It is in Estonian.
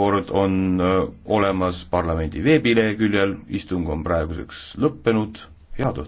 kord on äh, olemas parlamendi veebileheküljel, istung on praeguseks lõppenud, head õhtut!